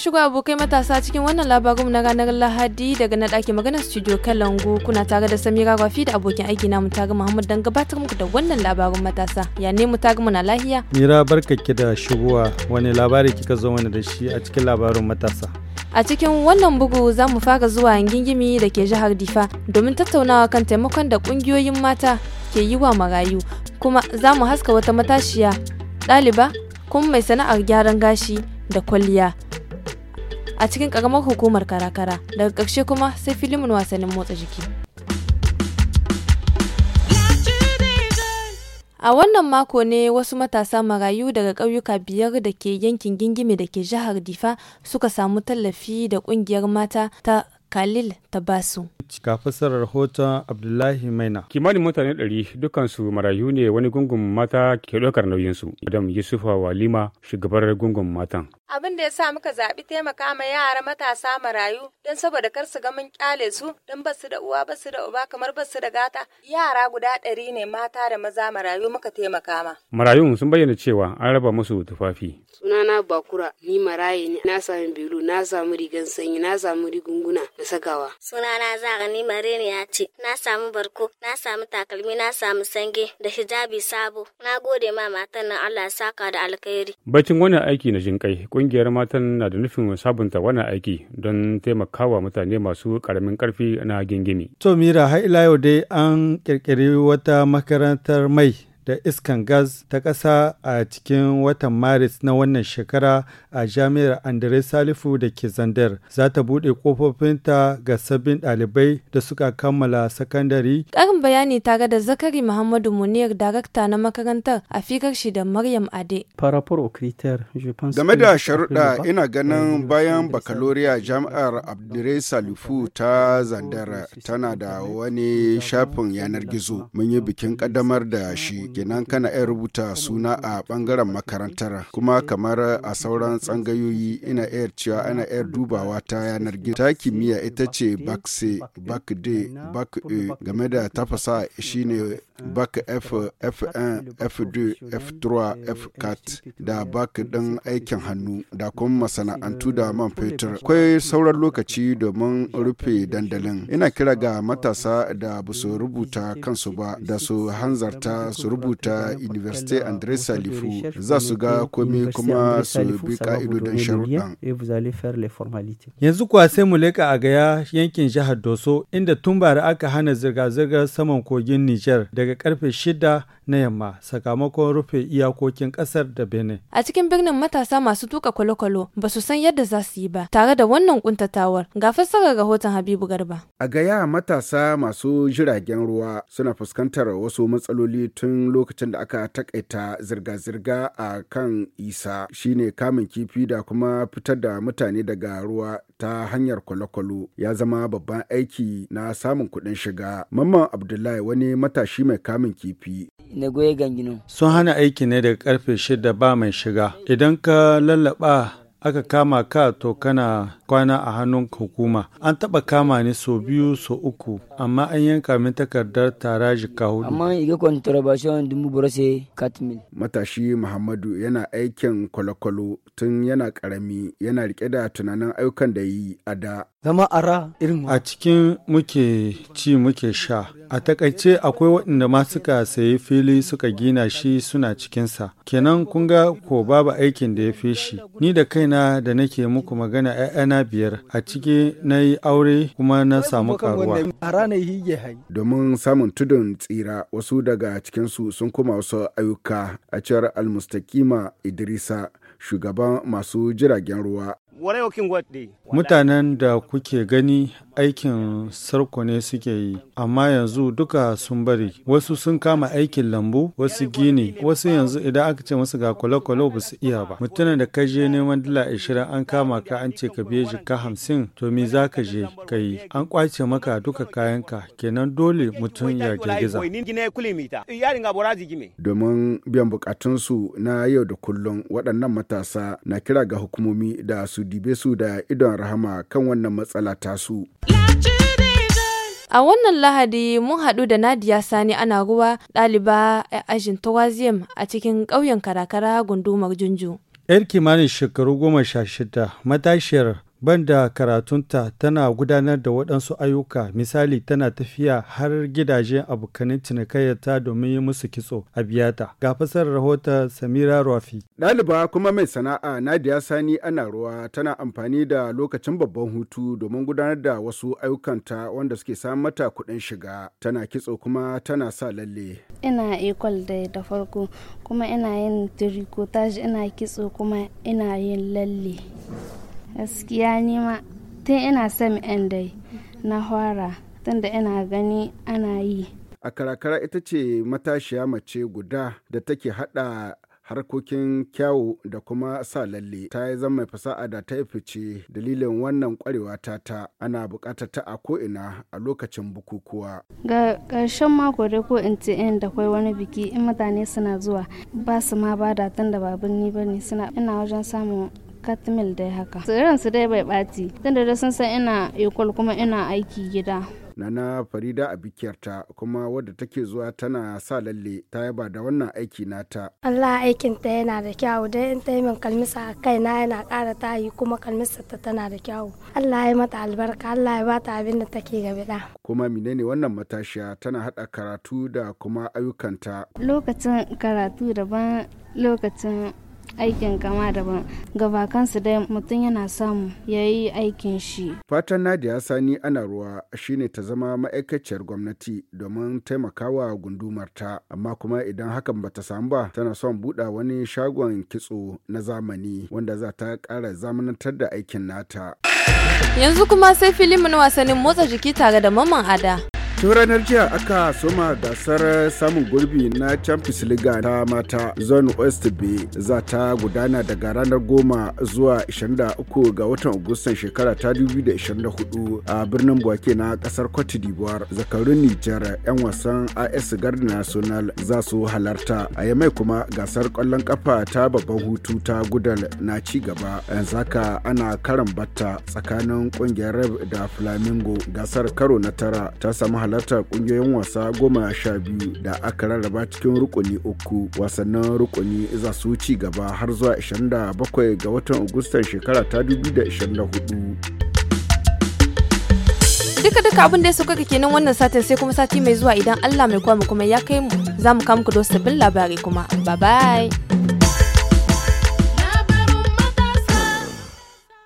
shigo abokai matasa cikin wannan labarin na ranar Lahadi daga na ɗakin maganar studio Kalangu kuna tare da Samira Rafi da abokin aiki na Mutaga Muhammad dan gabatar muku da wannan labarin matasa. Ya ne Mutaga na lahiya? Mira barkake da shigowa wani labari kika zo mana da shi a cikin labarin matasa. A cikin wannan bugu za mu fara zuwa gingimi da ke jihar Difa domin tattaunawa kan taimakon da ƙungiyoyin mata ke yi wa marayu kuma za mu haska wata matashiya ɗaliba kuma mai sana'ar gyaran gashi da kwalliya. a cikin ƙaramar hukumar karakara daga ƙarshe kuma sai filimin wasannin motsa jiki A wannan mako ne wasu matasa marayu daga ƙauyuka biyar da ke yankin gingime da ke jihar Difa suka samu tallafi da ƙungiyar mata ta Khalil ta basu. Egypt fassarar rahoton Abdullahi Maina. Kimanin mutane ɗari dukansu marayu ne wani gungun mata ke ɗaukar nauyinsu. Madam Yusufa Walima shugabar gungun matan. Abin da ya sa muka zaɓi taimaka ma yara matasa marayu don saboda kar su ga mun kyale su don basu da uwa basu da uba kamar basu da gata. Yara guda ɗari ne mata da maza marayu muka taimaka ma. Marayun sun bayyana cewa an raba musu tufafi. Sunana Bakura ni maraye ne na sami belu na samu rigan sanyi na samu rigunguna na sakawa. Sunana zan. gani Marini ya ce, Na samu barko, na samu takalmi, na samu sange da hijabi sabo. Na gode ma matan nan Allah saka da alkhairi. Bacin wani aiki na jinƙai, ƙungiyar matan na da nufin sabunta wani aiki don taimakawa mutane masu karamin karfi na gingimi. To Mira, har ila yau dai an ƙirƙiri wata makarantar mai da iskan gas ta ƙasa a cikin watan maris na wannan shekara a jami'ar andre salifu da ke zandar za ta buɗe ƙofofinta ga sabbin ɗalibai da suka kammala sakandare ƙarin bayani tare da zakari muhammadu munir darakta na makarantar a firar shi da maryam ade game da sharuɗa ina ganin bayan bakaloriya jami'ar andre salifu ta zandar tana da wani shafin yanar gizo mun yi bikin ƙaddamar da shi kenan kana iya rubuta suna a bangaren makarantar kuma kamar a sauran tsangayoyi ina iya cewa ana iya dubawa ta yanar gizo ta kimiyya ita ce bakse bakde bak'e game da tafasa shine bak F, F1, F2, F3, F4 da bak ɗan aikin hannu da kuma masana'antu euh, da man fetur. Akwai sauran lokaci domin rufe dandalin. Ina kira ga matasa da ba su rubuta kansu ba da su hanzarta su rubuta university Salifu za su ga komi kuma su bi ka'idodin sharuɗan. Yanzu kuwa sai mu leƙa a gaya yankin jihar Doso inda tun bara aka hana zirga-zirgar saman kogin Nijar daga daga karfe shida na yamma sakamakon rufe iyakokin kasar da benin a cikin birnin matasa masu tuka kwalokwalo ba su san yadda za su yi ba tare da wannan kuntatawar ga fassarar rahoton habibu garba a gaya matasa masu jiragen ruwa suna fuskantar wasu matsaloli tun lokacin da aka takaita zirga-zirga a kan isa shine kamun kifi da kuma fitar da mutane daga ruwa ta hanyar kwalokwalo ya zama babban aiki na samun kuɗin shiga mamman abdullahi wani matashi mai kamun kifi. Sun hana aiki ne daga karfe shida ba mai shiga. Idan ka lallaba aka kama ka to kana kwana a hannun hukuma an taɓa kama ni sau biyu so uku amma an yanka min takardar taraji ka hudu amma iga kontrabashon dubu burase katmin. matashi muhammadu yana aikin kwalokwalo tun yana karami yana rike da tunanin ayyukan da yi a da zama ara irin a cikin muke ci muke sha a takaice akwai waɗanda ma suka sayi fili suka gina shi suna cikinsa kenan kun ga ko babu aikin da ya fi shi ni da kaina da nake muku magana 'ya'yana biyar a ciki na yi aure kuma na samu karuwa domin samun tudun tsira wasu daga cikinsu sun kuma wasu ayyuka a cewar almustakima idrisa shugaban masu jiragen ruwa Mutanen da kuke gani aikin sarko ne suke yi, amma yanzu duka sun bari. Wasu sun kama aikin lambu, wasu gini, wasu yanzu idan aka ce masu ga kwale-kwale ba su iya ba. Mutumin da ka je neman dila ashirin an kama ka an ce ka biye jika hamsin, to me za ka je ka yi? An kwace maka duka kayanka, kenan dole mutum ya girgiza. Domin biyan bukatunsu na yau da kullum waɗannan matasa na kira ga hukumomi da su dube su da idon rahama kan wannan matsala tasu. A wannan Lahadi mun haɗu da Nadia Sani ana ruwa ɗaliba a ajin Tawaziyam a cikin ƙauyen karakara gundumar Junju. 'Yar kimanin shekaru goma sha shida matashiyar banda karatunta tana gudanar da waɗansu ayyuka misali tana tafiya har gidajen abokanin cinikayyata domin yi musu kitso a biyata ga fasar rahoton samira rafi ɗaliba kuma mai sana'a nadia sani ana ruwa tana amfani da lokacin babban hutu domin gudanar da wasu ayyukanta wanda suke samun mata kuɗin shiga tana kitso kuma tana sa lalle ina ikwal da da farko kuma ina yin taji ina kitso kuma ina yin lalle gaskiya ni ma tun ina son yan dai na fara tunda ina gani ana yi a karakara ita ce matashiya mace guda da take hada harkokin kyawu da kuma sa lalle ta yi zama fasa'a da ta fice dalilin wannan kwarewa ta ta ana bukatar ta a ko'ina a lokacin bukukuwa ga ƙarshen mako dai ko in ce in da kwai wani biki in mutane suna zuwa ba su ma ba da tun da babin ni ba ne suna ina wajen samun katmil dai haka tsirin su dai bai ɓaci tun da sun san ina ekol kuma ina aiki gida Nana Farida a bikiyarta kuma wadda take zuwa tana sa lalle ta yaba da wannan aiki nata. Allah aikin ta yana da kyau dai in ta yi min kalmisa a kai na yana ƙara yi kuma kalmisa ta tana da kyau. Allah ya mata albarka Allah ya bata abin da take gabe da. Kuma menene wannan matashiya tana haɗa karatu da kuma ayyukanta. Lokacin karatu daban lokacin aikin kama daban gaba kansu dai mutum yana samu ya yi aikin shi. Fatan Nadia Sani ana ruwa shine ta zama ma'aikaciyar gwamnati domin taimakawa gundumarta amma kuma idan hakan bata samu ba tana son buɗa wani shagon kitso na zamani wanda za ta ƙara zamanantar da aikin nata. Yanzu kuma sai filimin wasannin motsa jiki tare da Maman Ada. tun ranar jiya aka soma gasar samun gurbi na champions league ta mata zone west bay za ta gudana daga ranar goma zuwa 23 ga watan agustan shekara ta 2024 a birnin buwake na kasar cote d'ivoire zakarun nijar 'yan wasan as garden national za su halarta a yamai kuma gasar kwallon kafa ta babban hutu ta gudal na ci gaba yanzu haka ana karan batta tsakanin kungiyar rev da flamingo gasar karo na tara ta samu halartar kungiyoyin wasa goma sha biyu da aka rarraba cikin rukuni uku wasannin rukuni za su ci gaba har zuwa 27 ga watan agustan shekara ta 2024 duka duka abin da ya sauka kenan wannan satin sai kuma sati mai zuwa idan Allah mai kwamu kuma ya kai mu za mu kawo muku da sabbin labarai kuma bye bye